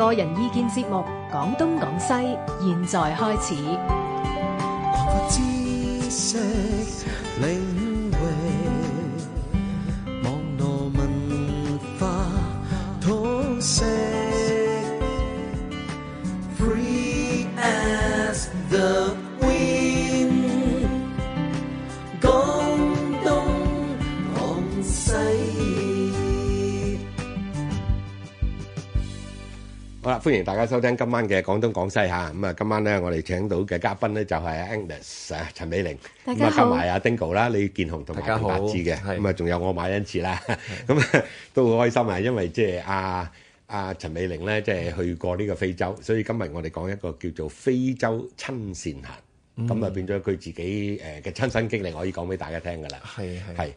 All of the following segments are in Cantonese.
個人意見節目《講東講西》，現在開始。歡迎大家收聽今晚嘅廣東廣西嚇，咁啊今晚咧我哋請到嘅嘉賓咧就係阿 Agnes 啊陳美齡，咁啊夾埋阿 Dingo 啦李健雄同埋鄧達智嘅，咁啊仲有我馬恩賜啦，咁啊都好開心啊，因為即係阿阿陳美齡咧即係去過呢個非洲，所以今日我哋講一個叫做非洲親善行，咁啊變咗佢自己誒嘅親身經歷，可以講俾大家聽噶啦，係係。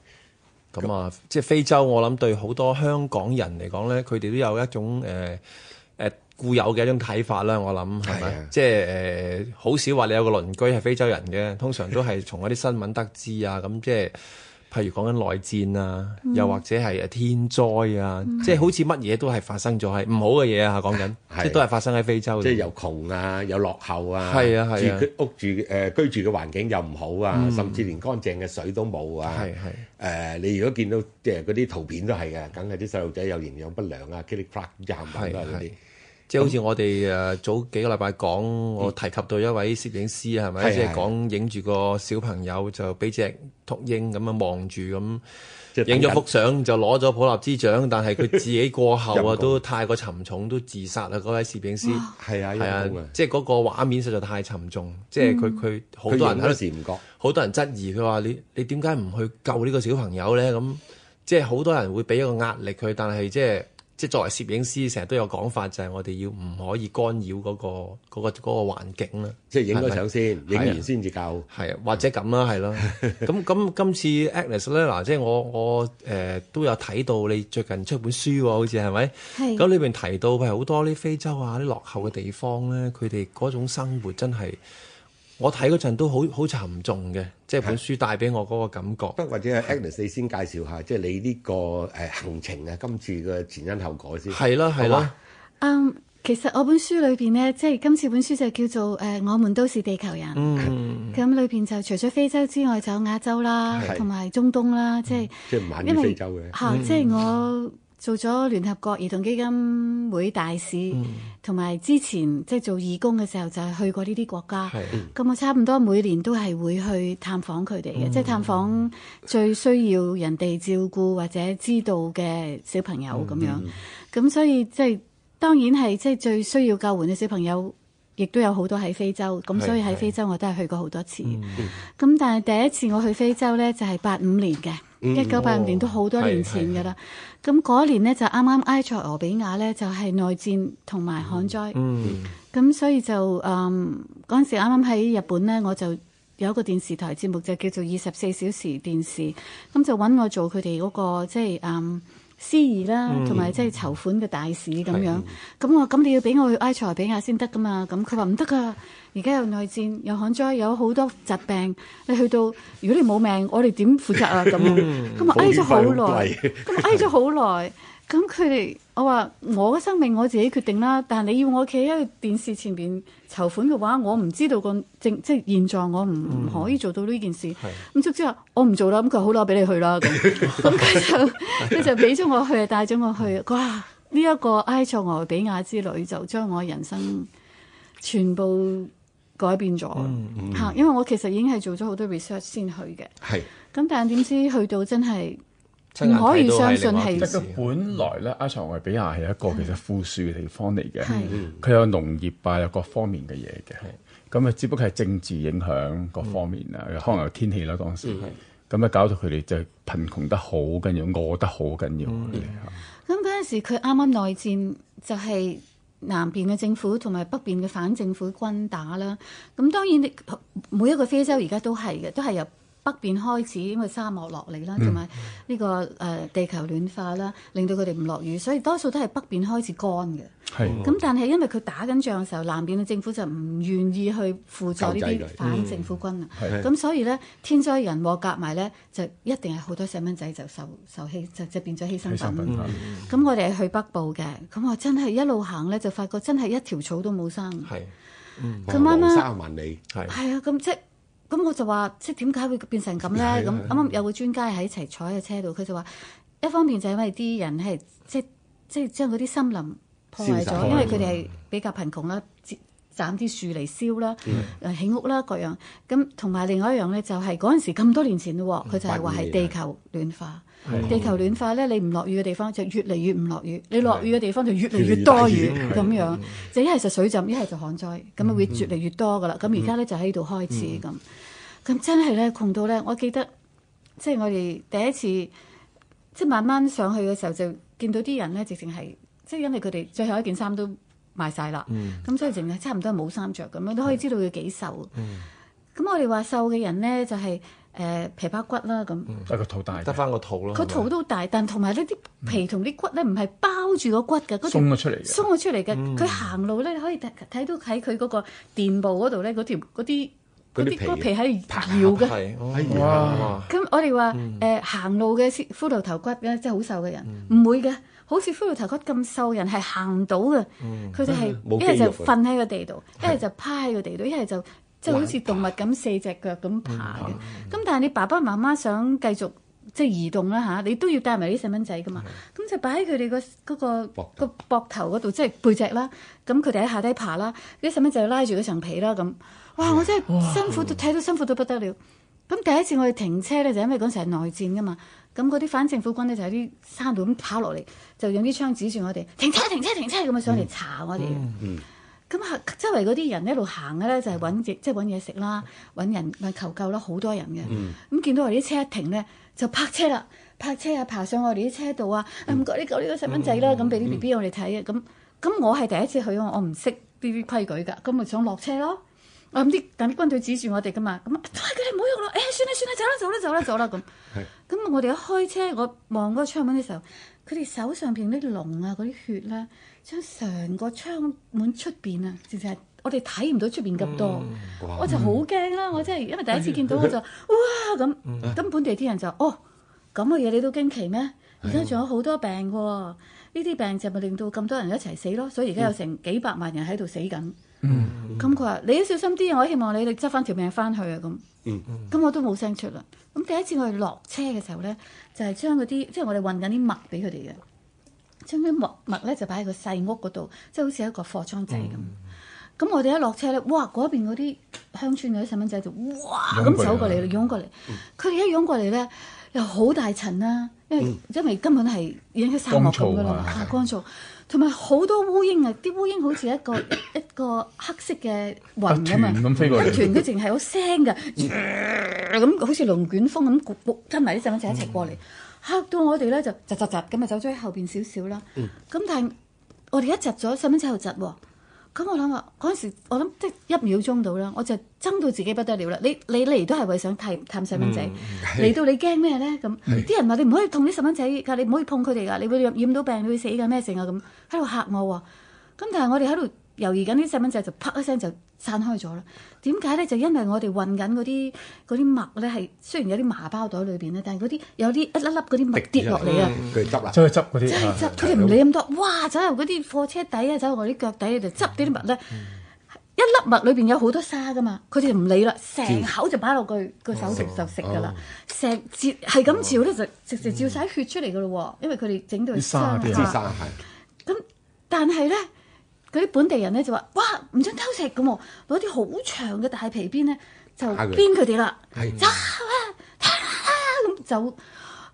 咁啊即係非洲，我諗對好多香港人嚟講咧，佢哋都有一種誒誒。固有嘅一種睇法啦，我諗係即係誒好少話你有個鄰居係非洲人嘅，通常都係從一啲新聞得知啊。咁即係譬如講緊內戰啊，又或者係誒天災啊，即係好似乜嘢都係發生咗係唔好嘅嘢啊。嚇講緊，即都係發生喺非洲，即係又窮啊，又落後啊，啊，住屋住誒居住嘅環境又唔好啊，甚至連乾淨嘅水都冇啊。係係誒，你如果見到即係嗰啲圖片都係嘅，梗係啲細路仔有營養不良啊，kili c r 啊啲。即係好似我哋誒、啊、早幾個禮拜講，我提及到一位攝影師係咪？嗯、即係講影住個小朋友就俾隻禿鷹咁樣望住咁，影咗幅相就攞咗普立茲獎。但係佢自己過後啊， 樂都太過沉重，都自殺啦。嗰位攝影師係 啊，係 啊，即係嗰個畫面實在太沉重。嗯、即係佢佢好多人嗰時唔覺，好多人質疑佢話：你你點解唔去救呢個小朋友咧？咁、嗯嗯、即係好多人會俾一個壓力佢，但係即係。即係作為攝影師，成日都有講法，就係我哋要唔可以干擾嗰個嗰個嗰個環境啦。即係影個相先，影完先至夠。係、呃、啊，或者咁啦，係咯。咁咁今次 Agnes 咧，嗱，即係我我誒都有睇到你最近出本書喎，好似係咪？係。咁裏邊提到譬如好多啲非洲啊啲落後嘅地方咧，佢哋嗰種生活真係。我睇嗰陣都好好沉重嘅，即係本書帶俾我嗰個感覺。的不過或者 Agnes 先介紹下，的即係你呢、這個誒、呃、行程啊，今次嘅前因後果先。係咯，係咯。嗯吧，um, 其實我本書裏邊咧，即係今次本書就叫做誒，我們都是地球人。咁裏邊就除咗非洲之外，就有亞洲啦，同埋的中東啦，即係、嗯、即係漫遊非洲嘅嚇。即係我。嗯嗯做咗聯合國兒童基金會大使，同埋、嗯、之前即係、就是、做義工嘅時候，就係、是、去過呢啲國家。咁的我差唔多每年都係會去探訪佢哋嘅，即係、嗯、探訪最需要人哋照顧或者知道嘅小朋友咁、嗯、樣。咁、嗯、所以即係、就是、當然係即係最需要救援嘅小朋友，亦都有好多喺非洲。咁所以喺非洲我都係去過好多次。咁但係第一次我去非洲呢，就係八五年嘅。一九八五年都好多年前㗎喇，咁嗰、嗯、happening 年呢，就啱啱埃塞俄比亞呢，就係、是、內戰同埋旱災，咁擅閒、嗯、擅春所以就嗯嗰陣時啱啱喺日本呢，我就有一個電視台節目就叫做二十四小時電視，咁就揾我做佢哋嗰個即係、就是、嗯。司儀啦，同埋即係籌款嘅大使咁樣，咁我話咁你要俾我去埃塞比亞先得噶嘛？咁佢話唔得㗎。而家有內戰，有旱災，有好多疾病。你去到，如果你冇命，我哋點負責啊？咁樣咁啊，挨咗好耐，咁啊挨咗好耐。 咁佢哋，我話我嘅生命我自己決定啦。但係你要我企喺電視前邊籌款嘅話，我唔知道個政即係現在我唔唔可以做到呢件事。咁卒、嗯、之話我唔做啦。咁佢話好啦，我俾你去啦。咁佢就佢 就俾咗我去，帶咗我去。哇！呢、啊、一、這個埃塞俄比亞之旅就將我人生全部改變咗嚇、嗯嗯。因為我其實已經係做咗好多 research 先去嘅。係是。咁但係點知去到真係～唔可以相信係。其實本來咧，埃塞俄比亞係一個其實富庶嘅地方嚟嘅，佢是有農業啊，有各方面嘅嘢嘅。咁啊是，只不過係政治影響各方面啊，是可能有天氣啦當時，咁啊是是搞到佢哋就貧窮得好緊要，餓得好緊要。咁嗰陣時佢啱啱內戰就係南邊嘅政府同埋北邊嘅反政府軍打啦。咁當然，你，每一個非洲而家都係嘅，都係有。北邊開始因為沙漠落嚟啦，同埋呢個誒、呃、地球暖化啦，令到佢哋唔落雨，所以多數都係北邊開始乾嘅。咁的但係因為佢打緊仗嘅時候，南邊嘅政府就唔願意去輔助呢啲反政府軍啊。咁、嗯、所以呢，天災人禍夾埋呢，就一定係好多細蚊仔就受受欺，就就變咗犧牲品。咁的我哋去北部嘅，咁我真係一路行呢，就發覺真係一條草都冇生。係，嗯，黃沙麼萬里啊，咁即的咁我就話，即係點解會變成咁咧？咁啱啱有個專家喺一齊坐喺個車度，佢就話，一方面就係因為啲人係即即將嗰啲森林破壞咗，因為佢哋係比較貧窮啦。斬啲樹嚟燒、嗯、啦，起屋啦各樣，咁同埋另外一樣呢，就係嗰陣時咁多年前咯喎，佢就係話係地球暖化。嗯、地球暖化呢，你唔落雨嘅地，地方就越嚟越唔落雨，你落雨嘅地方就越嚟越多雨咁、嗯、樣。一係、嗯、就水浸，一係就旱災，咁啊、嗯、會越嚟越多噶啦。咁而家呢，就喺度開始咁，咁、嗯、真係呢，窮到呢，我記得即係、就是、我哋第一次即係、就是、慢慢上去嘅時候，就見到啲人呢，直情係即係因為佢哋最後一件衫都賣晒啦，咁所以淨係差唔多係冇衫着咁樣都可以知道佢幾瘦。咁我哋話瘦嘅人咧，就係誒皮包骨啦咁。啊，個肚大得翻個肚咯，佢肚都大，但同埋呢啲皮同啲骨咧，唔係包住個骨嘅，鬆咗出嚟嘅，鬆咗出嚟嘅。佢行路咧，你可以睇到喺佢嗰個墊步嗰度咧，嗰條嗰啲嗰啲皮喺度搖嘅。哇！咁我哋話誒，行路嘅骷髏頭骨咧，即係好瘦嘅人唔會嘅。好似骷髏頭骨咁瘦人係行到嘅，佢哋係一係就瞓喺個地度，一係、嗯、就趴喺個地度，一係是就即係好似動物咁打四隻腳咁爬嘅。咁、嗯嗯、但係你爸爸媽媽想繼續即係、就是、移動啦吓、啊，你都要帶埋啲細蚊仔噶嘛。咁、嗯、就擺喺佢哋個個個膊頭嗰度，即係背脊啦。咁佢哋喺下低爬啦，啲細蚊仔拉住嗰層皮啦。咁哇，我真係辛苦到睇到辛苦到不得了。嗯嗯咁第一次我哋停車咧，就因為嗰陣時係內戰噶嘛，咁嗰啲反政府軍咧就喺啲山度咁跑落嚟，就用啲槍指住我哋，停車停車停車咁啊上嚟查我哋。咁啊、嗯，嗯、周圍嗰啲人一路行嘅咧，就係揾即係嘢食啦，揾人問求救啦，好多人嘅。咁、嗯、見到我哋啲車一停咧，就泊車啦，泊車啊，爬上我哋啲車度啊，唔該、嗯，你救呢個細蚊仔啦，咁俾啲 B B 我哋睇嘅。咁咁我係第一次去，我唔識 B B 規矩噶，咁咪想落車咯。我唔知，等軍隊指住我哋噶嘛？咁都係佢哋唔好喐咯。誒、哎哎，算啦算啦，走啦走啦走啦走啦咁。係。咁 的我哋一開車，我望嗰、啊啊、個窗門嘅時候，佢哋手上邊啲龍啊，嗰啲血咧，將成個窗門出邊啊，淨係，我哋睇唔到出邊咁多。嗯、我就好驚啦！我真係因為第一次見到，我就哇咁。咁、嗯嗯嗯嗯、本地啲人就哦，咁嘅嘢你都驚奇咩？而家仲有好多病嘅喎、哦，呢啲病就咪令到咁多人一齊死咯。所以而家有成幾百萬人喺度死緊。嗯嗯，咁佢話你都小心啲，我希望你哋執翻條命翻去啊咁。咁、嗯嗯、我都冇聲出啦。咁第一次我哋落車嘅時候咧，就係、是、將嗰啲即係我哋運緊啲物俾佢哋嘅，將啲物物咧就擺喺個細屋嗰度，即係好似一個貨倉仔咁。咁、嗯嗯、我哋一落車咧，哇！嗰邊嗰啲鄉村嗰啲細蚊仔就哇咁走過嚟，擁過嚟。佢哋、嗯、一擁過嚟咧，又好大塵啦，因為、嗯、因為根本係影響沙漠噶啦，乾燥。啊啊啊同埋好多烏蠅啊！啲烏蠅好似一個 一個黑色嘅雲啊嘛，黑團都淨係好聲嘅，咁好似龍捲風咁，跟埋啲細蚊仔一齊過嚟，嚇、嗯、到我哋咧就窒窒窒咁啊，走咗喺後邊少少啦。咁、嗯、但係我哋一窒咗，細蚊仔又窒喎。咁我諗話嗰陣時，我諗即係一秒鐘到啦，我就憎到自己不得了啦。你你嚟都係為想探探細蚊仔，嚟、嗯、到你驚咩咧？咁啲是人話你唔可以痛啲細蚊仔，㗎你唔可以碰佢哋噶，你會染染到病，你會死㗎咩成啊咁，喺度嚇我喎。咁但係我哋喺度。由豫緊啲細蚊仔就啪一聲就散開咗啦，點解咧？就因為我哋運緊嗰啲啲麥咧，係雖然有啲麻包袋裏邊咧，但係嗰啲有啲一粒粒嗰啲麥跌落嚟啊！佢哋執啦，走去執嗰啲，佢哋唔理咁多。哇！走入嗰啲貨車底啊，走入我啲腳底嗰度執啲啲麥咧，一粒麥裏邊有好多沙噶嘛，佢哋唔理啦，成口就擺落佢個手度就食噶啦，成嚼係咁嚼咧就直接嚼晒血出嚟噶咯喎，因為佢哋整到沙啲啊，咁但係咧。嗰啲本地人咧就話，哇，唔準偷食咁喎，攞啲好長嘅大皮鞭咧就鞭佢哋啦，走！啊咁走，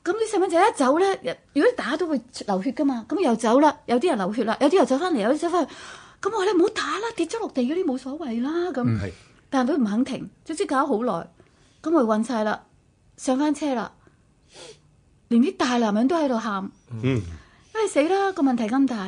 咁啲細蚊仔一走咧，如果打都會流血噶嘛，咁又走啦，有啲人流血啦，有啲又走翻嚟，有啲走翻去，咁我咧，唔好打啦，跌咗落地嗰啲冇所謂啦咁，的但係佢唔肯停，總之搞咗好耐，咁我暈晒啦，上翻車啦，連啲大男人都喺度喊，唉、嗯、死啦個問題咁大！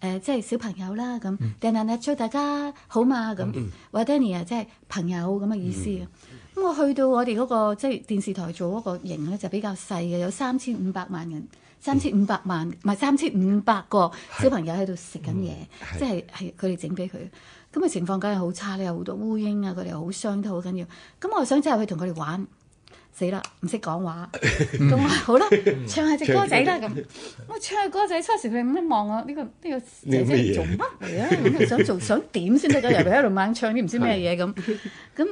誒、呃、即係小朋友啦咁 Danny 祝大家好嘛咁。或 Danny 啊，嗯、anny，即係朋友咁嘅意思。咁、嗯、我去到我哋嗰、那個即係、就是、電視台做嗰個營咧，就比較細嘅，有三千五百萬人，三千五百萬唔係三千五百個小朋友喺度食緊嘢，嗯、即係係佢哋整俾佢。咁啊、那個、情況梗係好差咧，有好多烏蠅啊，佢哋好傷都好緊要。咁我想即係去同佢哋玩。死啦！唔識講話，咁話好啦，唱下隻歌仔啦咁。我唱下歌仔，初時佢哋唔望我呢個呢個姐姐做乜嚟啊？想做想點先得㗎？又喺度猛唱啲唔知咩嘢咁。咁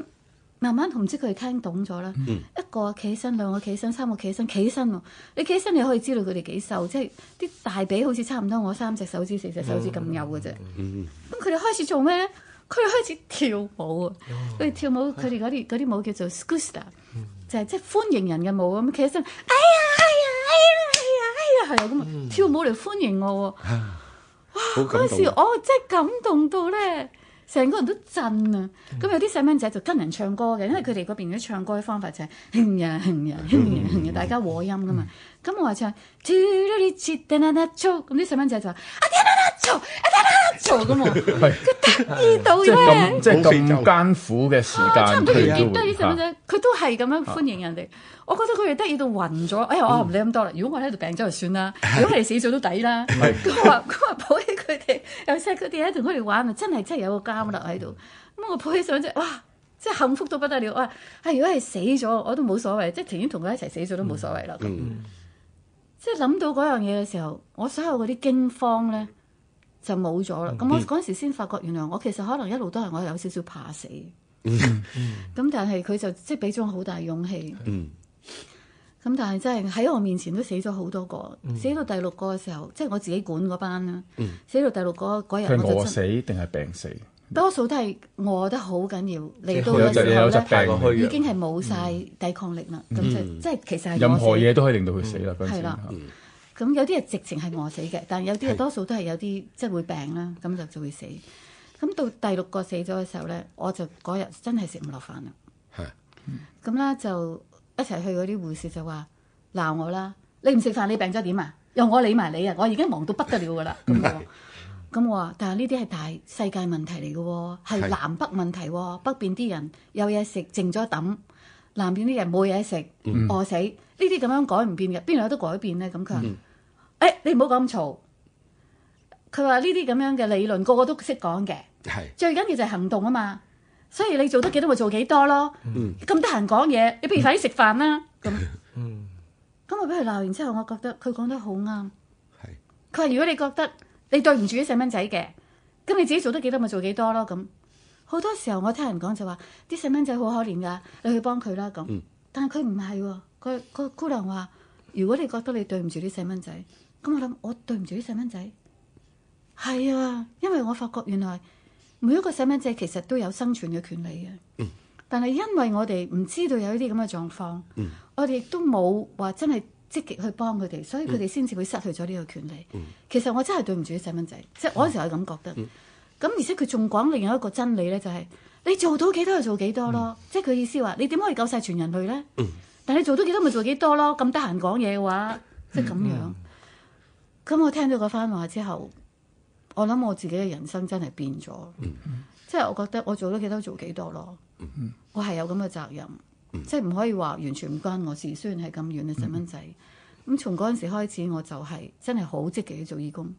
慢慢同知佢哋聽懂咗啦。一個企身，兩個企身，三個企身，企身喎。你企身，你可以知道佢哋幾瘦，即係啲大髀好似差唔多我三隻手指、四隻手指咁幼嘅啫。咁佢哋開始做咩？佢哋開始跳舞啊！佢哋跳舞，佢哋嗰啲啲舞叫做就係即係歡迎人嘅舞，咁企起身，哎呀哎呀哎呀哎呀哎呀係啊，咁啊，跳舞嚟歡迎我喎。哇唉！嗰陣、啊、時我真係感動到咧，成個人都震啊。咁、嗯嗯、有啲細蚊仔就跟人唱歌嘅，因為佢哋嗰邊啲唱歌嘅方法就係、是、哼呀哼呀哼呀大家和音㗎嘛。咁我話唱，咁啲細蚊仔就阿爹啦啦操，阿爹啦啦操。做嘅喎，佢得意到咧， 即係咁艱苦嘅時間，差唔多要結。得意咁啫，佢都係咁樣歡迎人哋。我覺得佢哋得意到暈咗。哎呀，我唔理咁多啦。如果我喺度病咗，就算啦。的如果我哋死咗都抵啦。佢話佢話抱起佢哋，又錫佢哋，喺同佢哋玩啊！真係真係有個家留喺度。咁我抱起上啫，哇！真係幸福到不得了啊！哎，如果係死咗，我都冇所謂。即係情願同佢一齊死咗都冇所謂啦。咁，即係諗、嗯嗯、到嗰樣嘢嘅時候，我所有嗰啲驚慌咧。就冇咗啦！咁我嗰陣時先發覺，原來我其實可能一路都係我有少少怕死。嗯，咁但係佢就即係俾咗好大勇氣。嗯，咁但係真係喺我面前都死咗好多個，死到第六個嘅時候，即係我自己管嗰班啦。嗯，死到第六個嗰日我就餓死定係病死，多數都係餓得好緊要嚟到嘅時候咧，已經係冇晒抵抗力啦。咁就即係其實任何嘢都可以令到佢死啦。係啦。咁有啲人直情係餓死嘅，但係有啲人多數都係有啲是即係會病啦，咁就就會死。咁到第六個死咗嘅時候呢，我就嗰日真係食唔落飯啦。係是，咁咧就一齊去嗰啲護士就話鬧我啦。你唔食飯，你病咗點啊？又我理埋你啊！我而家忙到不得了噶啦。咁 我話，咁 我話，但係呢啲係大世界問題嚟嘅喎，係南北問題喎。是北邊啲人有嘢食剩咗抌，南邊啲人冇嘢食餓死。呢啲咁樣改唔變嘅，邊度有得改變呢？咁佢話。嗯誒、哎，你唔好咁嘈。佢話呢啲咁樣嘅理論，個個都識講嘅。係是最緊要就係行動啊嘛。所以你做得幾多咪做幾多咯。咁得閒講嘢，你不如快啲食飯啦。咁，咁、嗯、我俾佢鬧完之後，我覺得佢講得好啱。係是。佢話：如果你覺得你對唔住啲細蚊仔嘅，咁你自己做得幾多咪做幾多咯。咁好多時候我聽人講就話啲細蚊仔好可憐㗎，你去幫佢啦。咁，嗯、但係佢唔係喎。佢、個姑娘話：如果你覺得你對唔住啲細蚊仔，咁我諗我對唔住啲細蚊仔係啊，因為我發覺原來每一個細蚊仔其實都有生存嘅權利嘅。嗯、但係因為我哋唔知道有呢啲咁嘅狀況，嗯、我哋亦都冇話真係積極去幫佢哋，所以佢哋先至會失去咗呢個權利。嗯、其實我真係對唔住啲細蚊仔，即係、嗯、我嗰時候係咁覺得。嗯。咁而且佢仲講另外一個真理咧，就係、是、你做到幾多就做幾多咯，嗯、即係佢意思話你點可以救晒全人類咧？嗯、但係你做到幾多咪做幾多咯，咁得閒講嘢嘅話即係咁樣、嗯。嗯咁我聽到個番話之後，我諗我自己嘅人生真係變咗， 即係我覺得我做得幾多做幾多咯，我係有咁嘅責任， 即係唔可以話完全唔關我事，雖然係咁遠嘅細蚊仔。 咁從嗰陣時開始，我就係、是、真係好積極去做義工。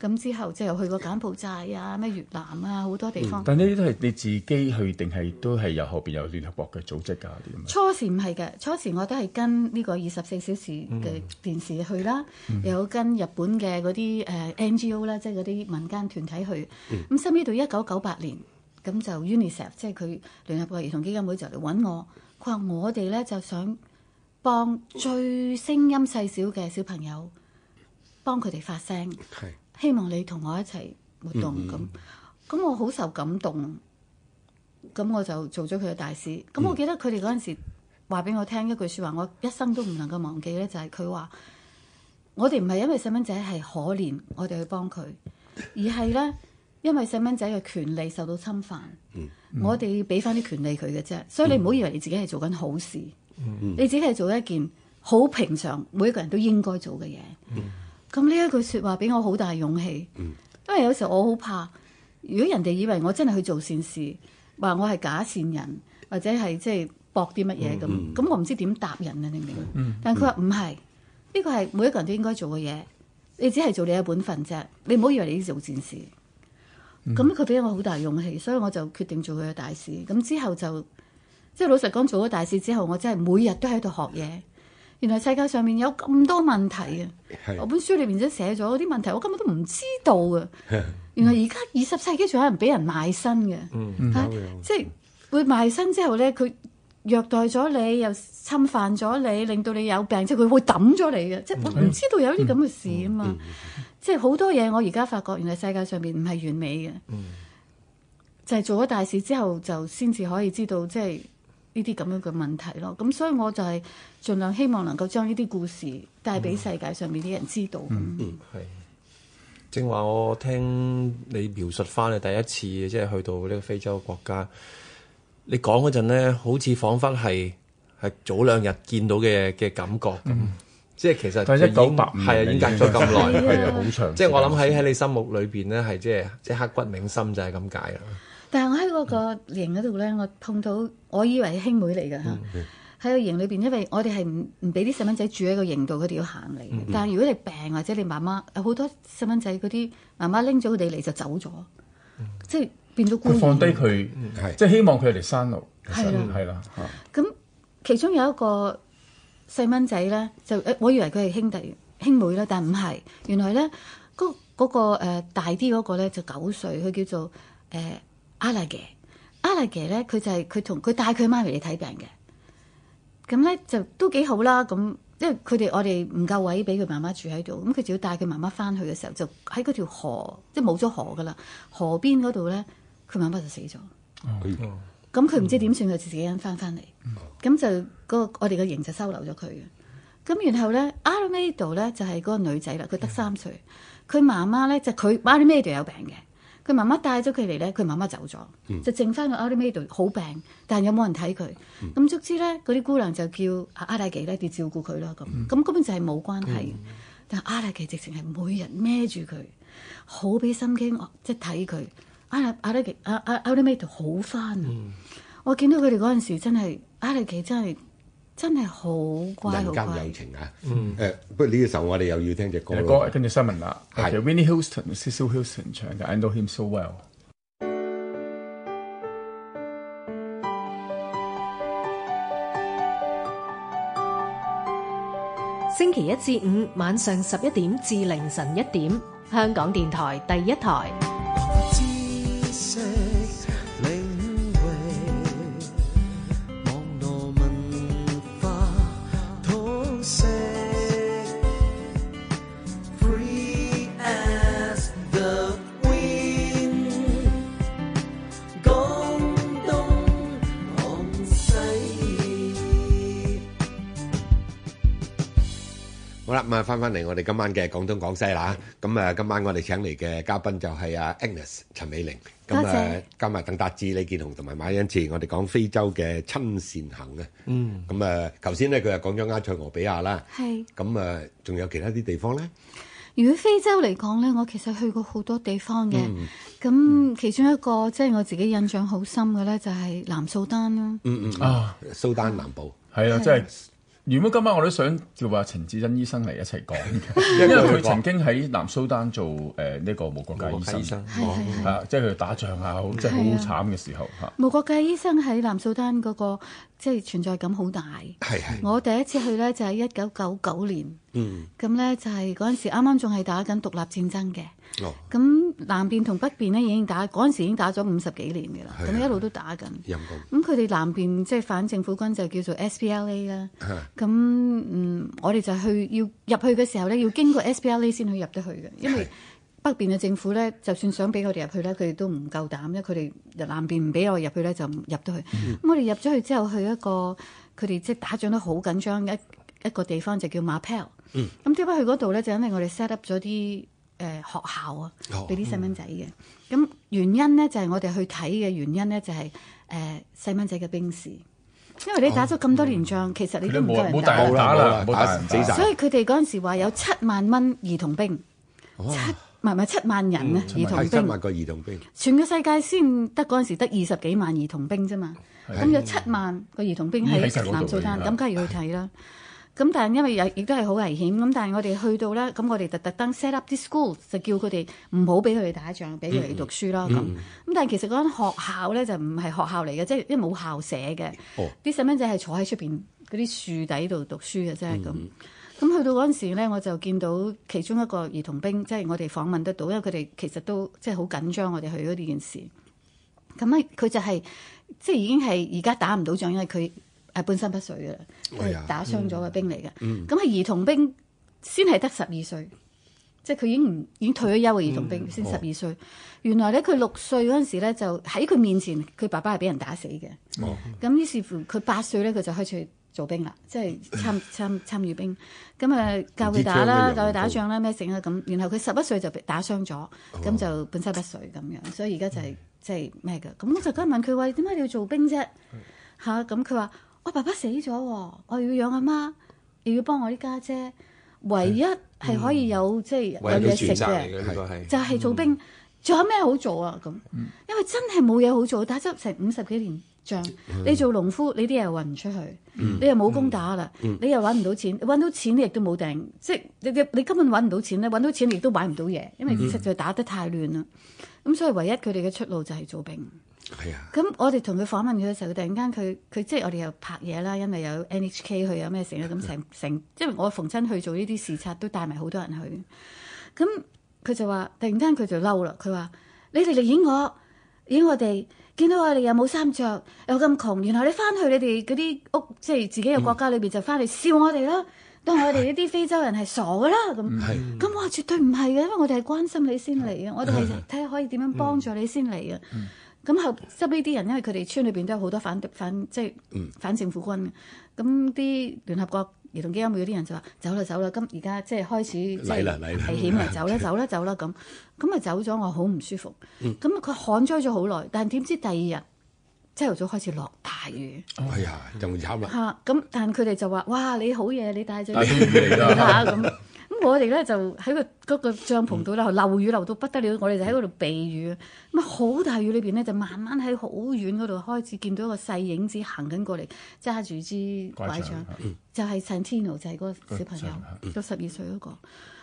咁之後即係去過柬埔寨啊、咩越南啊好多地方。嗯、但呢啲都係你自己去定係都係由後邊有聯合國嘅組織㗎、啊？初時唔係嘅，初時我都係跟呢個二十四小時嘅電視去啦，有、嗯、跟日本嘅嗰啲誒 NGO 啦，即係嗰啲民間團體去。咁甚至到一九九八年，咁就 UNICEF 即係佢聯合國兒童基金會就嚟揾我，佢話我哋咧就想。幫最聲音細小嘅小，小朋友，幫佢哋發聲，是希望你同我一齊活動咁，咁、嗯、我好受感動，咁我就做咗佢嘅大使。咁我記得佢哋嗰陣時話俾我聽一句說話，我一生都唔能夠忘記咧，就係佢話：我哋唔係因為細蚊仔係可憐，我哋去幫佢，而係咧因為細蚊仔嘅權利受到侵犯，嗯、我哋要俾翻啲權利佢嘅啫。所以你唔好以為你自己係做緊好事。嗯嗯嗯、你只係做一件好平常，每一個人都應該做嘅嘢。咁呢、嗯、一句說話俾我好大勇氣，嗯、因為有時我好怕，如果人哋以為我真係去做善事，話我係假善人，或者係即係博啲乜嘢咁，咁、嗯嗯、我唔知點答人啊，你明唔明？嗯嗯、但佢話唔係，呢個係每一個人都應該做嘅嘢，你只係做你嘅本分啫，你唔好以為你做善事。咁佢俾我好大勇氣，所以我就決定做佢嘅大使。咁之後就。即係老實講，做咗大事之後，我真係每日都喺度學嘢。原來世界上面有咁多問題啊！是我本書裏面都寫咗啲問題，我根本都唔知道啊！ 原來而家二十世紀仲有人俾人賣身嘅，即係會賣身之後咧，佢虐待咗你，又侵犯咗你，令到你有病，即係佢會抌咗你嘅。即係、嗯、我唔知道有啲咁嘅事啊嘛！即係好多嘢，我而家發覺，原來世界上面唔係完美嘅，嗯、就係做咗大事之後，就先至可以知道，即、就、係、係。就係呢啲咁樣嘅問題咯，咁所以我就係盡量希望能夠將呢啲故事帶俾世界上面啲人知道。嗯，係、嗯。正話，我聽你描述翻你第一次即係去到呢個非洲國家，你講嗰陣咧，好似彷彿係係早兩日見到嘅嘅感覺咁、嗯啊啊。即係其實係一九八五年，係啊，已經隔咗咁耐，係啊，好長。即係我諗喺喺你心目裏邊咧，係即係即刻骨銘心就係咁解啦。但係我喺嗰個營嗰度咧，我碰到我以為兄妹嚟㗎吓，喺個營裏邊，因為我哋係唔唔俾啲細蚊仔住喺個營度，佢哋要行嚟。嗯、但係如果你病或者你媽媽有好多細蚊仔，嗰啲媽媽拎咗佢哋嚟就走咗，嗯、即係變咗孤。放低佢即係希望佢嚟山路係啦，咁其中有一個細蚊仔咧，就誒，我以為佢係兄弟兄妹啦，但係唔係。原來咧嗰嗰個大啲嗰個咧就九歲，佢叫做誒。阿拉嘅阿拉嘅咧，佢就係佢同佢帶佢媽咪嚟睇病嘅，咁咧就都幾好啦。咁因為佢哋我哋唔夠位俾佢媽媽住喺度，咁佢就要帶佢媽媽翻去嘅時候，就喺嗰條河，即係冇咗河噶啦，河邊嗰度咧，佢媽媽就死咗。哦、嗯，咁佢唔知點算，佢自己人翻翻嚟，咁、嗯、就嗰、那個我哋嘅營就收留咗佢嘅。咁然後咧，阿拉咩度咧就係、是、嗰個女仔啦，佢得三歲，佢媽媽咧就佢阿咩度有病嘅。佢媽媽帶咗佢嚟咧，佢媽媽走咗，嗯、就剩翻個阿利米度好病，但係有冇人睇佢？咁卒之咧，嗰啲姑娘就叫阿阿麗奇咧，就照顧佢啦咁。咁、嗯、根本就係冇關係，嗯、但係阿麗奇直情係每日孭住佢，好俾心機，即係睇佢。阿拉阿麗奇阿阿阿利米度好翻啊！嗯、我見到佢哋嗰陣時真，拉真係阿麗奇真係。真係好乖，好乖。人間友情啊，嗯誒，不過呢個時候我哋又要聽隻歌。歌跟住新聞啦，係。Whitney Houston、Cissy Houston 唱嘅《I Know Him So Well》。星期一至五晚上十一點至凌晨一點，香港電台第一台。咁啊，翻翻嚟我哋今晚嘅廣東廣西啦。咁啊，今晚我哋請嚟嘅嘉賓就係阿 Agnes 陳美玲。咁啊謝，今日鄧達智、李健雄同埋馬恩賜，我哋講非洲嘅親善行嘅。嗯。咁啊，頭先咧佢又講咗埃塞俄比亞啦。係是。咁啊，仲有其他啲地方咧？如果非洲嚟講咧，我其實去過好多地方嘅。咁、嗯、其中一個即係、嗯、我自己印象好深嘅咧，就係南蘇丹咯、嗯。嗯嗯啊，蘇丹南，南部係啊，真係的。的原本今晚我都想叫話陳智恩醫生嚟一齊講 因為佢曾經喺南蘇丹做誒呢、呃這個無國界醫生，係啊，即係佢打仗啊，好即係好慘嘅時候嚇。無國界醫生喺南蘇丹嗰、那個即係、就是、存在感好大，係係。我第一次去咧就係一九九九年，嗯，咁咧就係嗰陣時啱啱仲係打緊獨立戰爭嘅，咁、哦。南邊同北邊咧已經打，嗰陣時已經打咗五十幾年嘅啦。咁的、嗯、一路都打緊。陰功。咁佢哋南邊即係、就是、反政府軍就叫做 SPLA 啦的。係。咁嗯，我哋就去要入去嘅時候咧，要經過 SPLA 先去入得去嘅。因為北邊嘅政府咧，就算想俾我哋入去咧，佢哋都唔夠膽，因為佢哋南邊唔俾我入去咧，就入得去。咁我哋入咗去之後，去一個佢哋即係打仗得好緊張一一個地方，就叫馬佩。嗯。咁點解去嗰度咧，就因為我哋 set up 咗啲嘅學校啊，俾啲細蚊仔嘅，咁原因咧就係我哋去睇嘅原因咧就係誒細蚊仔嘅兵士，因為你打咗咁多年仗，其實你都冇人冇人打啦，冇打死曬。所以佢哋嗰陣時話有七萬蚊兒童兵，七，唔係唔係七萬人啊，兒童兵，係七萬個兒童兵。全個世界先得嗰陣時得二十幾萬兒童兵啫嘛，咁有七萬個兒童兵喺南蘇丹，咁梗係要去睇啦。咁但係因為亦亦都係好危險，咁但係我哋去到咧，咁我哋就特登 set up 啲 school，就叫佢哋唔好俾佢哋打仗，俾佢哋讀書咯咁。咁、嗯、但係其實嗰間學校咧就唔係學校嚟嘅，即係因為冇校舍嘅。啲細蚊仔係坐喺出邊嗰啲樹底度讀書嘅啫咁。咁、嗯、去到嗰陣時咧，我就見到其中一個兒童兵，即係我哋訪問得到，因為佢哋其實都即係好緊張我哋去咗呢件事。咁咧佢就係即係已經係而家打唔到仗，因為佢。係半身不遂嘅，打傷咗嘅兵嚟嘅。咁係兒童兵先係得十二歲，即係佢已經唔已經退咗休嘅兒童兵先十二歲。原來咧佢六歲嗰陣時咧就喺佢面前，佢爸爸係俾人打死嘅。咁於是乎佢八歲咧佢就開始做兵啦，即係參參參與兵。咁啊教佢打啦，教佢打仗啦，咩整啦咁。然後佢十一歲就打傷咗，咁就半身不遂咁樣。所以而家就係即係咩嘅？咁我就問佢話點解你要做兵啫？吓？咁佢話。我爸爸死咗，我要養阿媽，媽，又要幫我啲家姐，姐。唯一係可以有、嗯、即係是有嘢食嘅，是就係做兵。仲、嗯、有咩好做啊？咁，嗯、因為真係冇嘢好做，打咗成五十幾年仗。嗯、你做農夫，你啲嘢又運唔出去，嗯、你又冇工打啦，嗯、你又揾唔到錢。揾到、就是、到錢，你亦都冇定，即係你你根本揾唔到錢咧。揾到錢，你亦都買唔到嘢，因為實在打得太亂啦。咁所以唯一佢哋嘅出路就係做兵。係啊，咁 我哋同佢訪問佢嘅時候，突然間佢佢即係我哋又拍嘢啦，因為有 NHK，去有咩成啦咁成成，即係我逢親去做呢啲視察，都帶埋好多人去。咁佢就話突然間佢就嬲啦，佢話你哋嚟演我演我哋，見到我哋又冇衫着，又咁窮，然後你翻去你哋嗰啲屋，即係自己嘅國家裏邊就翻嚟笑我哋啦，當我哋呢啲非洲人係傻㗎啦咁。咁我話絕對唔係嘅，因為我哋係關心你先嚟嘅， 我哋係睇下可以點樣幫助你先嚟嘅。 嗯咁後即呢啲人，因為佢哋村裏邊都有好多反反即係反政府軍嘅，咁啲聯合國兒童基金會啲人就話走啦走啦，咁而家即係開始危險啦，走啦走啦走啦咁，咁咪走咗我好唔舒服，咁佢旱災咗好耐，但係點知第二日朝頭早開始落大雨，哎呀，就慘啦嚇，咁、嗯、但係佢哋就話哇，你好嘢，你帶咗雨嚟咁。 我哋咧就喺個嗰個帳篷度啦，漏雨漏到不得了，我哋就喺嗰度避雨。咁啊，好大雨裏邊咧，就慢慢喺好遠嗰度開始見到一個細影子行緊過嚟，揸住支拐杖，長就係 Santino，就係嗰個小朋友，都十二歲嗰、嗰個。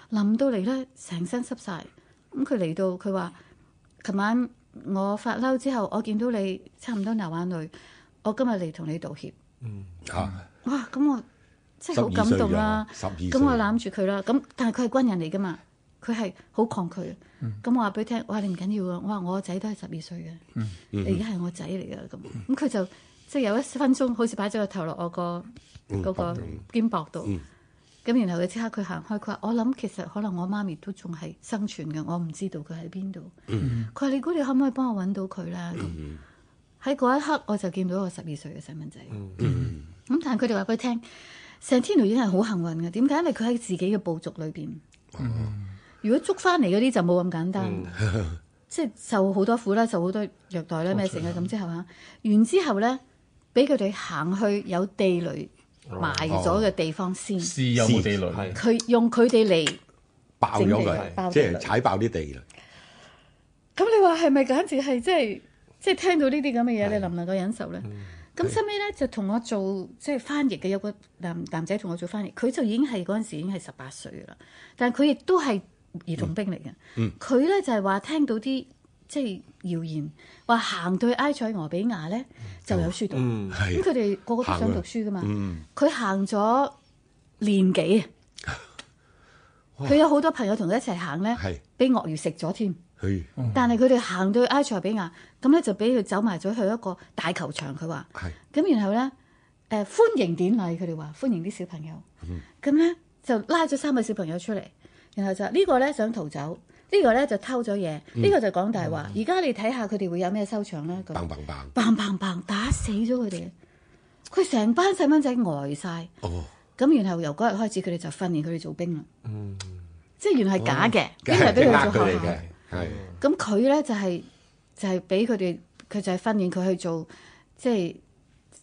淋到嚟咧，成身濕晒。咁佢嚟到，佢話：琴晚我發嬲之後，我見到你差唔多流眼淚，我今日嚟同你道歉。嗯，啊、哇，咁我～真係好感動啦！咁我攬住佢啦。咁但係佢係軍人嚟噶嘛？佢係好抗拒。咁、嗯、我話俾佢聽：，我話你唔緊要啊！我話我個仔都係十二歲嘅，你而家係我仔嚟噶咁。咁佢就即係有一分鐘，好似擺咗個頭落我、個嗰個肩膊度。咁、嗯、然後佢即刻佢行開，佢話：我諗其實可能我媽咪都仲係生存嘅，我唔知道佢喺邊度。佢話、嗯：你估你可唔可以幫我揾到佢啦？喺嗰、嗯、一刻，我就見到我十二歲嘅細蚊仔。咁、嗯嗯嗯、但係佢哋話俾佢聽。成天奴已經係好幸運嘅，點解？因為佢喺自己嘅部族裏邊。嗯、如果捉翻嚟嗰啲就冇咁簡單，嗯、即係受好多苦啦，受好多虐待啦，咩成日咁之後啊，完之後咧，俾佢哋行去有地雷埋咗嘅地方先，試有，有地雷，佢用佢哋嚟爆咗佢，即係踩爆啲地雷。咁、嗯、你話係咪簡直係即係即係聽到對 有有呢啲咁嘅嘢，你能唔能夠忍受咧？咁收尾咧就同我做即係翻譯嘅，有個男男仔同我做翻譯，佢就已經係嗰陣時已經係十八歲啦。但係佢亦都係兒童兵嚟嘅。佢咧、嗯、就係、是、話聽到啲即係謠言，話行到埃塞俄比亞咧、嗯、就有書讀。咁佢哋個個都想讀書噶嘛。佢行咗、嗯、年幾啊？佢哇有好多朋友同佢一齊行咧，俾是鱷魚食咗添。但係佢哋行到埃塞比亞，咁咧就俾佢走埋咗去一個大球場。佢話，咁然後咧，誒歡迎典禮，佢哋話歡迎啲小朋友。咁咧就拉咗三個小朋友出嚟，然後就呢個咧想逃走，呢個咧就偷咗嘢，呢個就講大話。而家你睇下佢哋會有咩收場咧？砰砰砰砰打死咗佢哋，佢成班細蚊仔呆晒。咁然後由嗰日開始，佢哋就訓練佢哋做兵啦。即係原來係假嘅，邊個俾佢做學校？係，咁佢咧就係、是、就係俾佢哋，佢就係訓練佢去做，即係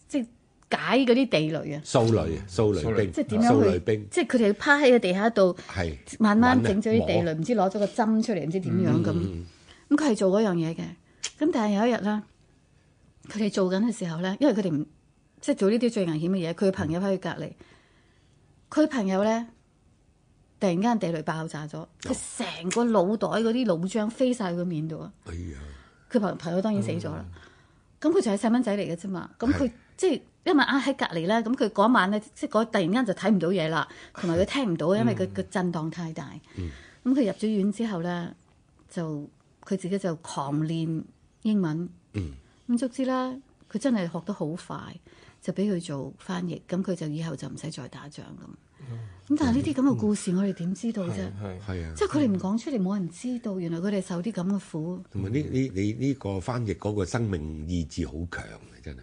即係解嗰啲地雷啊！掃雷，啊，掃雷兵，即係點樣去？即係佢哋趴喺個地下度，係是慢慢整咗啲地雷，唔摸知攞咗個針出嚟，唔知點樣咁。咁佢係做嗰樣嘢嘅。咁但係有一日咧，佢哋做緊嘅時候咧，因為佢哋唔即係做呢啲最危險嘅嘢，佢嘅朋友喺佢隔籬，佢、嗯、朋友咧。突然間地雷爆炸咗，佢成、哦、個腦袋嗰啲腦漿飛晒佢面度啊！哎呀，佢朋朋友當然死咗啦。咁佢就係細蚊仔嚟嘅啫嘛。咁佢是即係因為啱喺隔離咧，咁佢嗰晚咧即係嗰突然間就睇唔到嘢啦，同埋佢聽唔到，因為佢個震盪太大。咁佢、嗯嗯、入咗院之後咧，就佢自己就狂練英文。咁總、嗯嗯、之咧，佢真係學得好快。就俾佢做翻譯，咁佢就以後就唔使再打仗咁。咁、嗯、但係呢啲咁嘅故事，嗯、我哋點知道啫？啊啊、即係佢哋唔講出嚟，冇、嗯、人知道。原來佢哋受啲咁嘅苦。同埋呢呢呢你呢個翻譯嗰個生命意志好強啊！真係。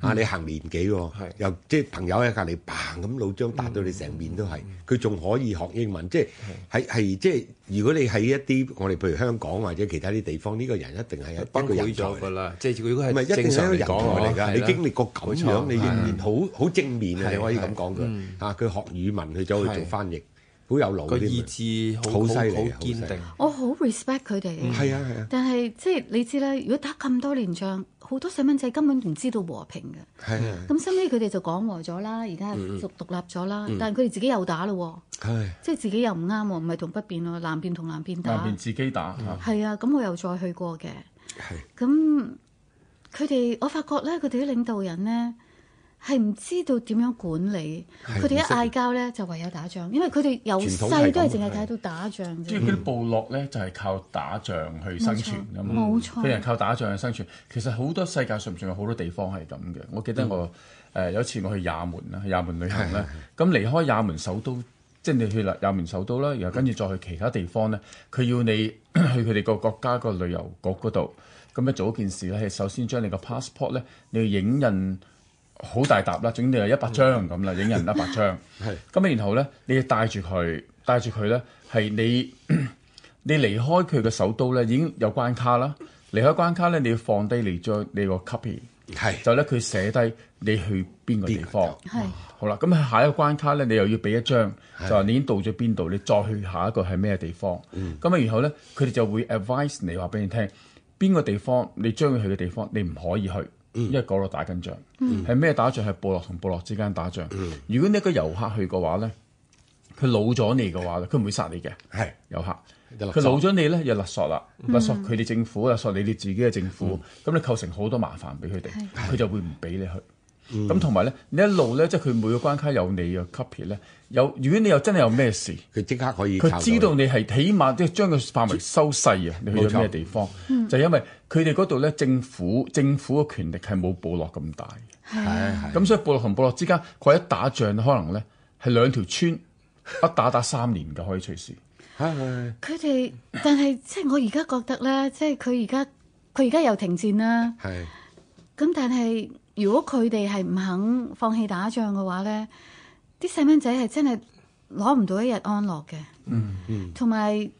啊，你行年紀喎，又即係朋友喺隔離，嘭咁老張打到你成面都係，佢仲可以學英文，即係係係即係，如果你喺一啲我哋譬如香港或者其他啲地方，呢個人一定係一個人才㗎啦。即係如果係唔係一定係一個人材嚟㗎？你經歷過咁樣，你仍然好好正面，你可以咁講佢。啊，佢學語文去咗去做翻譯。好有腦，個意志好犀利，好堅定。堅定，我好 respect 佢哋。係啊係啊。但係即係你知啦，如果打咁多年仗，好多細蚊仔根本唔知道和平嘅。係。咁收尾佢哋就講和咗啦，而家獨獨立咗啦。嗯、但係佢哋自己又打咯。係、嗯。即係自己又唔啱喎，唔係同北邊咯，南邊同南邊打。南邊自己打。係、嗯、啊，咁我又再去過嘅。係是。咁佢哋，我發覺咧，佢哋啲領導人咧。係唔知道點樣管理？佢哋是一嗌交呢，懂就唯有打仗。因為佢哋由細都係淨係睇到打仗。即係佢啲部落呢，就係、是、靠打仗去生存咁。冇錯，啲人、嗯、靠打仗去生存。其實好多世界上仲有好多地方係咁嘅。我記得我誒、嗯呃、有一次我去也門啦，去也門旅行咧。咁、嗯、離開也門首都，嗯、即係你去啦也門首都啦，然後跟住再去其他地方呢，佢要你去佢哋個國家個旅遊局嗰度，咁樣做一件事呢，係首先將你個 passport 呢，你要影印。好大沓啦，總之有一百張咁啦，影人一百張。咁啊 是，然後咧，你要帶住佢，帶住佢咧，係你 你離開佢嘅首都咧，已經有關卡啦。離開關卡咧，你要放低嚟張你，你個 copy 是。係。就咧，佢寫低你去邊個地方。係是。好啦，咁啊，下一個關卡咧，你又要俾一張，是就話你已經到咗邊度，你再去下一個係咩地方。是嗯。咁啊，然後咧，佢哋就會 advise 你話俾你聽，邊個地方你將要去嘅地方，你唔可以去。因為嗰度打緊仗，係咩打仗？係部、嗯、落同部落之間打仗。嗯、如果你一個遊客去嘅話咧，佢老咗你嘅話，佢唔會殺你嘅。係是遊客，佢老咗你咧又勒索啦，勒、嗯、索佢哋政府，勒索你哋自己嘅政府，咁是、嗯、你構成好多麻煩俾佢哋，佢是就會唔俾你去。咁同埋咧，嗯、你一路咧，即係佢每個關卡有你嘅 copy 咧。有，如果你又真係有咩事，佢即刻可以。佢知道你係起碼即係將個範圍收細啊！出你去咗咩地方？錯就因為佢哋嗰度咧，政府政府嘅權力係冇部落咁大。係係、啊。咁所以部落同部落之間，佢一打仗，可能咧係兩條村 一打打三年嘅可以隨時。係佢哋，但係即係我而家覺得咧，即係佢而家佢而家又停戰啦。係是。咁但係。如果佢哋係唔肯放棄打仗嘅話，呢啲細蚊仔係真係攞唔到一日安樂嘅，嗯，嗯嗯，同埋。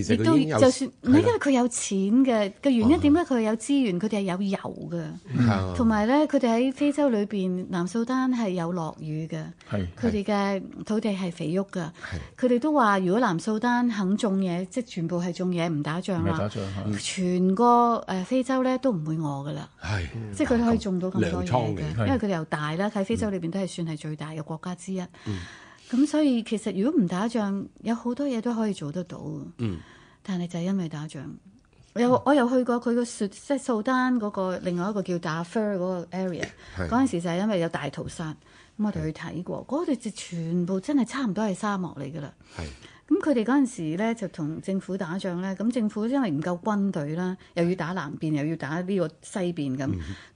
亦都就算唔係，因為佢有錢嘅個原因點解佢有資源，佢哋係有油嘅，同埋咧佢哋喺非洲裏邊，南蘇丹係有落雨嘅，佢哋嘅土地係肥沃嘅，佢哋都話如果南蘇丹肯種嘢，即係全部係種嘢，唔打仗啦，全個誒非洲咧都唔會餓嘅啦，即係佢哋可以種到咁多嘢嘅，因為佢哋又大啦，喺非洲裏邊都係算係最大嘅國家之一。咁所以其實如果唔打仗，有好多嘢都可以做得到嘅。嗯，但係就係因為打仗，嗯、又我有去過佢、個雪即係蘇丹嗰個另外一個叫打 Fur 嗰個 area，嗰陣是時就係因為有大屠殺，咁我哋去睇過，嗰度是就全部真係差唔多係沙漠嚟㗎啦。咁佢哋嗰陣時咧就同政府打仗呢。咁政府因為唔夠軍隊啦，又要打南邊，又要打呢個西邊咁，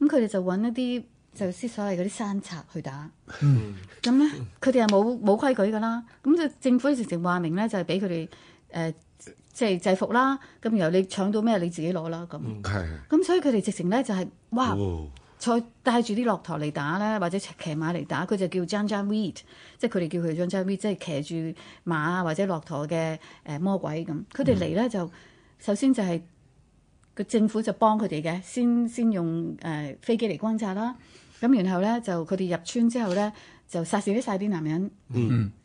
咁佢哋就揾一啲，就係所謂嗰啲山賊去打，咁咧佢哋係冇冇規矩噶啦，咁就政府直情話明咧就係俾佢哋誒即係制服啦，咁然後你搶到咩你自己攞啦咁，咁所以佢哋直情咧就係、是、哇，再、哦、帶住啲駱駝嚟打咧，或者騎馬嚟打，佢就叫 Janjaweed，即係佢哋叫佢 Janjaweed，即係騎住馬或者駱駝嘅誒魔鬼咁，佢哋嚟咧就首先就係、是。政府就幫佢哋嘅，先先用誒飛機嚟觀察啦。咁然後咧就佢哋入村之後咧就殺死啲晒啲男人，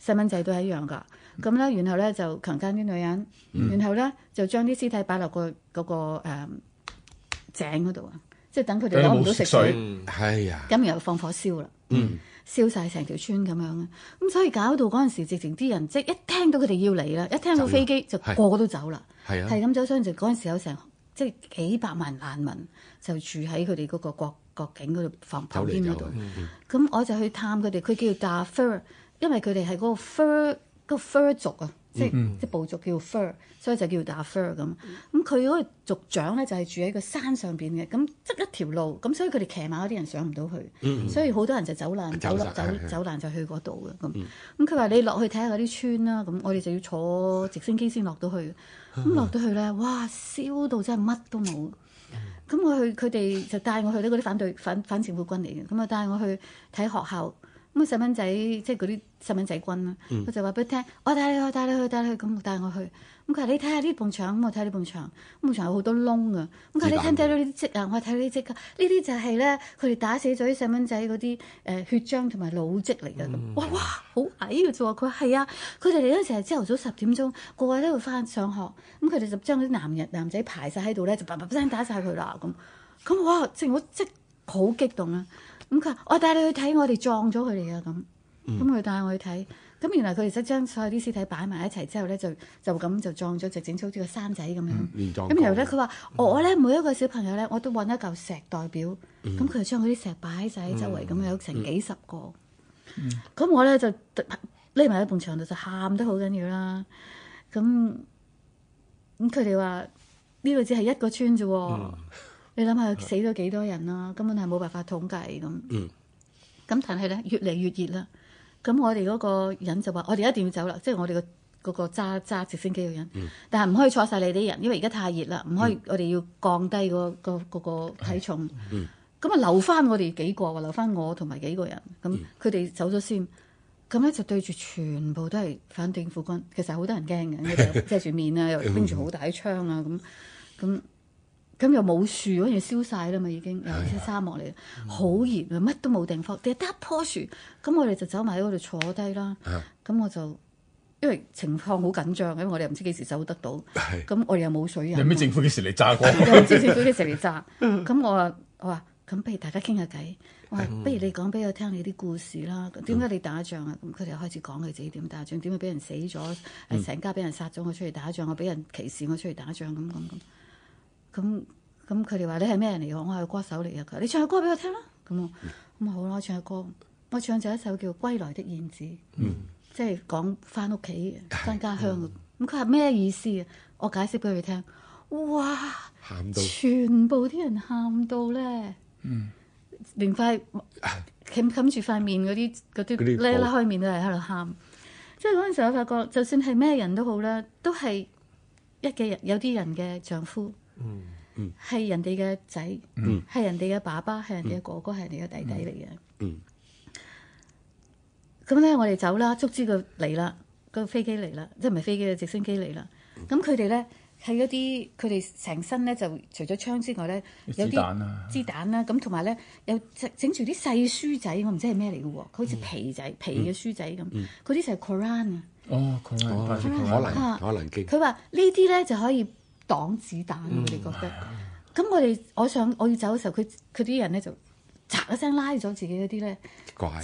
細蚊仔都係一樣噶。咁咧然後咧就強姦啲女人，然後咧就將啲屍體擺落個嗰個井嗰度啊，即係等佢哋攞唔到食水係啊，咁然後放火燒啦，燒晒成條村咁樣。咁所以搞到嗰陣時，直情啲人即一聽到佢哋要嚟啦，一聽到飛機就個個都走啦，係咁走。所以就嗰陣時有成。即係幾百萬難民就住喺佢哋嗰個國境嗰度，放炮煙嗰度。咁我就去探佢哋，佢叫做達菲，因為佢哋係嗰個菲，嗰個菲族啊，即係即係部族叫菲，所以就叫達菲咁。咁佢嗰個族長咧就係住喺個山上邊嘅，咁得一條路，咁所以佢哋騎馬嗰啲人上唔到去，所以好多人就走難，走走走難就去度嘅咁。咁佢話你落去睇下啲村啦，咁我哋就要坐直升機先落到去。咁落到去咧，哇！燒到真係乜都冇。咁我去佢哋就帶我去呢嗰啲反對反反政府軍嚟嘅，咁啊帶我去睇學校。咁細蚊仔即係嗰啲細蚊仔軍啦，佢就話俾你聽，我帶你去，帶你去，帶你去，咁帶我去。咁佢話你睇下呢埲牆，咁我睇下呢埲牆，咁棟牆有好多窿啊。咁佢話你睇唔睇到呢啲跡啊？我睇到呢啲跡。呢啲就係咧，佢哋打死咗啲細蚊仔嗰啲誒血漿同埋腦跡嚟嘅。哇哇，好矮嘅啫喎！佢話係啊，佢哋嚟咧成日朝頭早十點鐘過嚟咧，都會翻上學。咁佢哋就將啲男人男仔排晒喺度咧，就叭叭叭聲打晒佢啦咁。咁哇，正我即好激動啊！咁佢話：我、哦、帶你去睇我哋葬咗佢哋啊！咁，咁佢帶我去睇，咁、嗯、原來佢哋即將所有啲屍體擺埋一齊之後咧，就就咁就葬咗，就整好似個山仔咁樣。咁、嗯、然後咧，佢話、嗯、我咧每一個小朋友咧，我都揾一嚿石代表，咁佢、嗯、就將佢啲石擺喺、嗯、周圍咁樣，咁有成幾十個。嗯。咁我咧就匿埋喺埲牆度就喊得好緊要啦。咁咁佢哋話呢度只係一個村啫喎。嗯嗯嗯。你諗下死咗幾多人啦、啊？根本係冇辦法統計咁。咁、嗯、但係咧越嚟越熱啦。咁我哋嗰個人就話：我哋一定要走啦。即、就、係、是、我哋、嗰個、嗰個揸揸直升機嘅人。嗯、但係唔可以坐晒你哋人，因為而家太熱啦。唔可以，嗯、我哋要降低、嗰個、嗰個、嗰個體重。嗯。咁啊、嗯，留翻我哋幾個，留翻我同埋幾個人。咁佢哋走咗先。咁咧就對住全部都係反政府軍，其實好多人驚嘅，遮住面啊，又拎住好大啲槍啊，咁咁。咁又冇樹，跟住燒晒啦嘛，已經有啲沙漠嚟，好的熱啊，乜都冇地方，得一棵樹。咁我哋就走埋喺嗰度坐低啦。咁的我就因為情況好緊張，因為我哋又唔知幾時走得到。咁的我哋又冇水啊！有咩政府幾時嚟炸過？有咩政府幾時嚟炸？咁我話我話，咁不如大家傾下偈。我話不如你講俾我聽你啲故事啦。點解、嗯、你打仗啊？咁佢哋開始講佢自己點打仗，點樣俾人死咗，成、嗯、家俾人殺咗，我出嚟打仗，我俾人歧視，我出嚟打仗咁咁咁。咁咁，佢哋話：你係咩人嚟嘅？我係歌手嚟㗎。佢，你唱下歌俾我聽啦。咁咁好啦，我唱下歌。我唱就一首叫《歸來的燕子》，嗯，即係講翻屋企翻家鄉。咁佢係咩意思啊？我解釋俾佢聽。哇，喊到全部啲人喊到咧，嗯，連塊冚冚住塊面嗰啲嗰啲拉拉開面都係喺度喊。嗯、即係嗰陣時，我發覺，就算係咩人都好啦，都係一嘅人，有啲人嘅丈夫。嗯，係人哋嘅仔，係人哋嘅爸爸，係人哋嘅哥哥，係人哋嘅弟弟嚟嘅。咁咧、嗯、我哋走啦，捉住佢嚟啦，那個飛機嚟啦，即係唔係飛機、嗯、啊，直升機嚟啦。咁佢哋咧係一啲，佢哋成身咧就除咗槍之外咧，有啲子彈啦，咁同埋咧有整住啲細書仔，我唔知係咩嚟嘅喎，好似皮仔皮嘅書仔咁，嗰啲就係 Quran 啊。哦，可能 Quran, 可能佢話、啊、呢啲咧就可以。擋子彈，我哋、嗯、覺得。咁我哋，我想我要走嘅時候，佢佢啲人咧就嚓一聲拉咗自己嗰啲咧，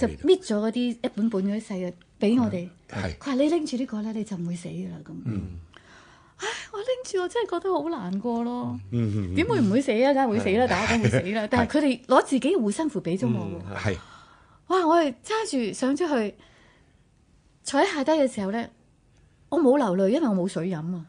你就搣咗嗰啲一本本嗰啲細嘅俾我哋。佢話、嗯是：你拎住呢個咧，你就唔會死噶啦。咁。唉，我拎住我真係覺得好難過咯。嗯嗯。點會唔會死啊？梗係會死啦，是大家都會死啦。但係佢哋攞自己護身符俾咗我。係、嗯。嗯、哇！我係揸住想出去，坐喺下低嘅時候咧，我冇流淚，因為我冇水飲啊。